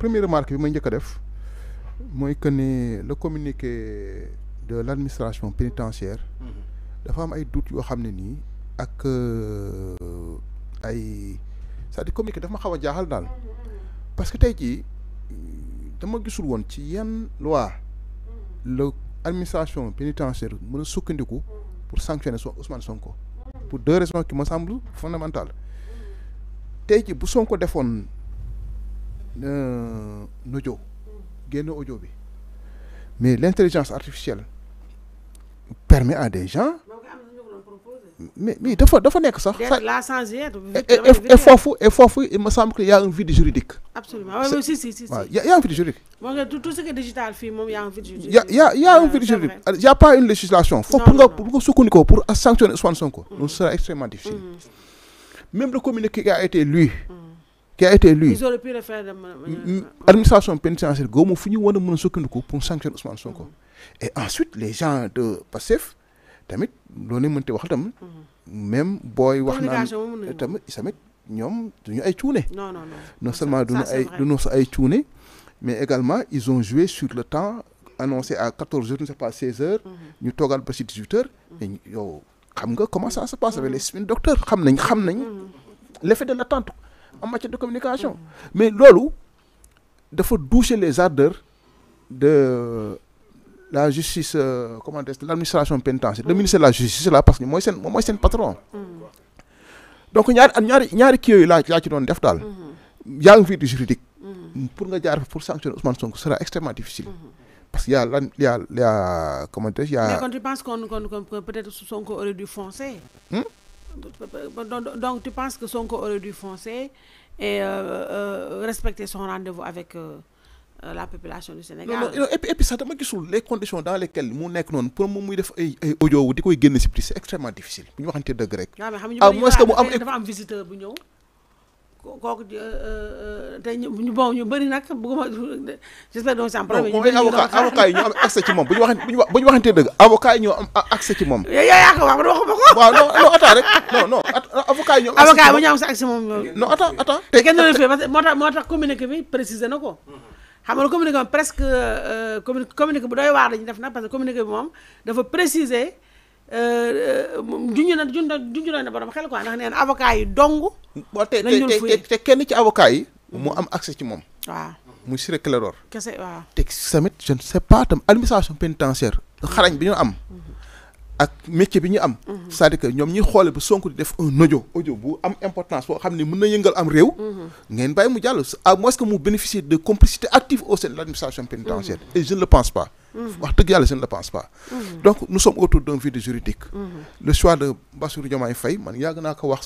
première remarque bi may veux a def connais le communiqué de l'administration pénitentiaire la mhm. am ay doute yoo xam amené ni ak euh, ay cest ça dire communiqué dafa ma xaw jaaxal parce que tey jii dama gisul y ci une loi le administration pénitentiaire mën du coup pour sanctionner son Ousmane Sonko pour deux raisons qui me semblent fondamentales tey jii bu Sonko defoon un audio génn audio bi mais l'intelligence artificielle permet à des gens mais mais dafa dafa nekk sax. la changer. et foofu et il me semble qu'il y a un vide juridique. absolument oui si si si il y a un vide juridique. tout ce qui est digital il il y a un vide juridique. il y a y a y a un vide juridique il y a pas une législation. faut pour pour nga pour sanctionner Ousmane Sonko. Mm-hmm. ce sera extrêmement difficile. Mm-hmm. même le communiqué qui a été lu. Mm-hmm qui a été élu. Ils auraient pu le faire de Administration pénitentiaire, Gomo Funi Wana Mounou Sokunduku pour sanctionner Ousmane Sonko. Mhm. Et ensuite, les gens de PASSEF, tamit, l'on est monté Wachadam, même Boy Wachadam, tamit, ils s'amettent, ñom duñu ay tourné non non non non seulement duñu ay duñu ay tourné mais également ils ont joué sur le temps annoncé à 14h je ne sais pas 16h mhm. ñu togal pas 18h mais mhm. xam nga comment ça se passe avec les docteurs xam nañ xam nañ l'effet de l'attente en matière de communication. Mm. mais il faut doucher les ardeurs de la justice euh, comment dire de l'administration pénitentiaire le mm. ministère de la justice là parce que moi, je moi un patron. Mm. donc il y a des a qui qui ci Il def a une vie du juridique. Mm-hmm. pour nga pour sanctionner Ousmane Sonko sera extrêmement difficile. Mm-hmm. parce qu'il y a il y a, Mais quand tu penses qu'on, peut-être Sonko aurait dû foncer. Hmm? Donc, tu penses que Sonko aurait dû foncer et euh, euh, respecter son rendez-vous avec euh, la population du Sénégal. Non, et, puis, et ça demande que les conditions dans lesquelles mon nek non pour moi def audio c'est extrêmement difficile. Je ñu rentrer de grec. Ah mais xam ñu ah, dafa am visiteur kooku euh, euh, tey ñu bon ñu bëri nag bëgguma j'espère donc sans problème ñu avocat avocat yi ñu am accès ci moom bu ñu waxee bu ñu waxantee dëgg avocat yi ñoo am accès ci moom yow yaa ko wax man waxuma ko waaw non non attends rek non non avocat yi ñoo am avocat bu ñu am sa accès moom non attends attends te kenn doon fee parce que moo tax moo tax communiqué bi précisé na ko mm-hmm. xam nga communiqué moom presque euh, communiqué bu doy waar dañu def nag parce que communiqué bi moom dafa préciser Euh, euh, junj na junj na borom xel quoi ndax nee avocat yi dong. nañ te te kenn ci avocat yi. mu mhm. am accès ci moom. waaw muy Ciré Clédor. kese waaw te tamit je ne sais pas tam administration pénitentiaire xarañ bi ñu am. Mhm. ak métier bi am. Mhm. c'est-à-dire que ñoom ñuy xoole ba Sonko di def un audio audio bu am importance boo xam ne mën na yëngal am réew. ngeen bàyyi mu jàll à moins mu bénéficier de complicité active au sein de l'administration pénitentiaire. et je ne le pense pas je ne pense pas. Mhm. donc nous sommes autour d'un vide juridique. Mhm. le choix de Bassour Diomaye Faye man yàgg ko